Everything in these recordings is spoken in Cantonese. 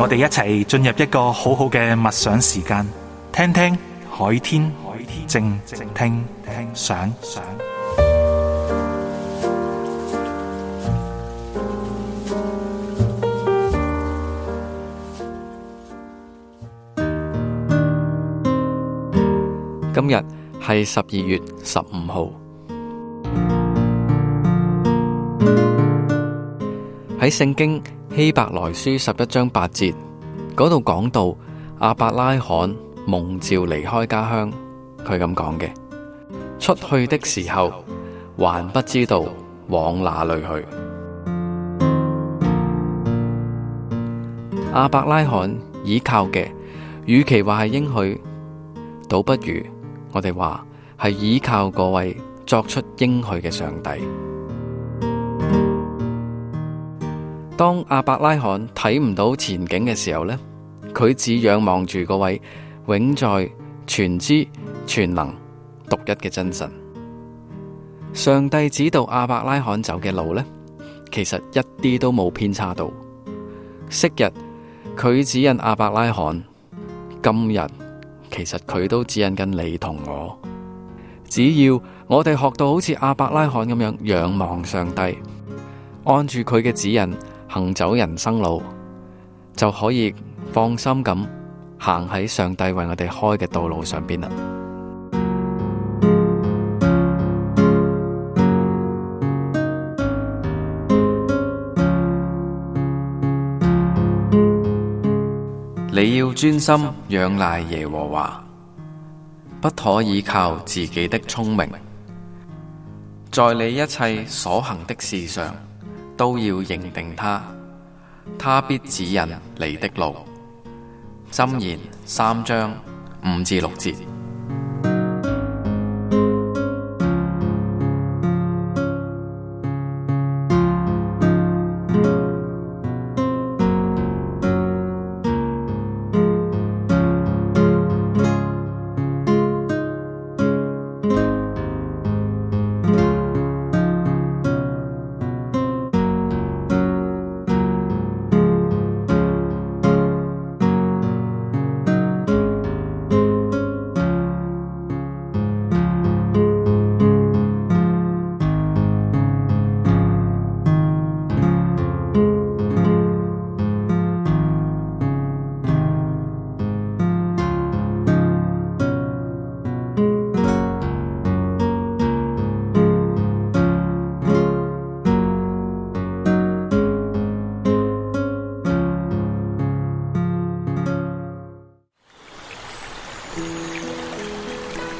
我哋一齊進入一個好好嘅默想時間，聽聽海天靜靜聽想。今日係十二月十五號，喺聖經。希伯來書十一章八節，嗰度講到亞伯拉罕蒙召離開家鄉，佢咁講嘅，出去的時候還不知道，不知道往哪裡去。亞伯拉罕倚靠嘅，與其話係應許，倒不如我哋話係倚靠嗰位作出應許嘅上帝。當阿伯拉罕睇唔到前景嘅時候呢，佢只仰望住嗰位永在、全知、全能、獨一嘅真神。上帝指導阿伯拉罕走嘅路呢，其實一啲都冇偏差到。昔日佢指引阿伯拉罕，今日其實佢都指引緊你同我。只要我哋學到好似阿伯拉罕咁樣仰望上帝，按住佢嘅指引。行走人生路，就可以放心咁行喺上帝為我哋開嘅道路上邊啦。你要專心仰賴耶和華，不可依靠自己的聰明，在你一切所行的事上。都要認定他，他必指引你的路。箴言三章五至六節。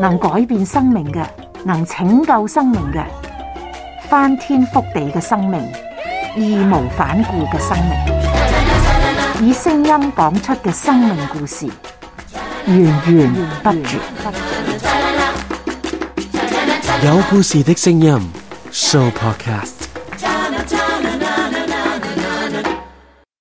能改變生命嘅，能拯救生命嘅，翻天覆地嘅生命，義無反顧嘅生命，以聲音講出嘅生命故事，源源不絕。有故事的聲音 Sooo Podcast。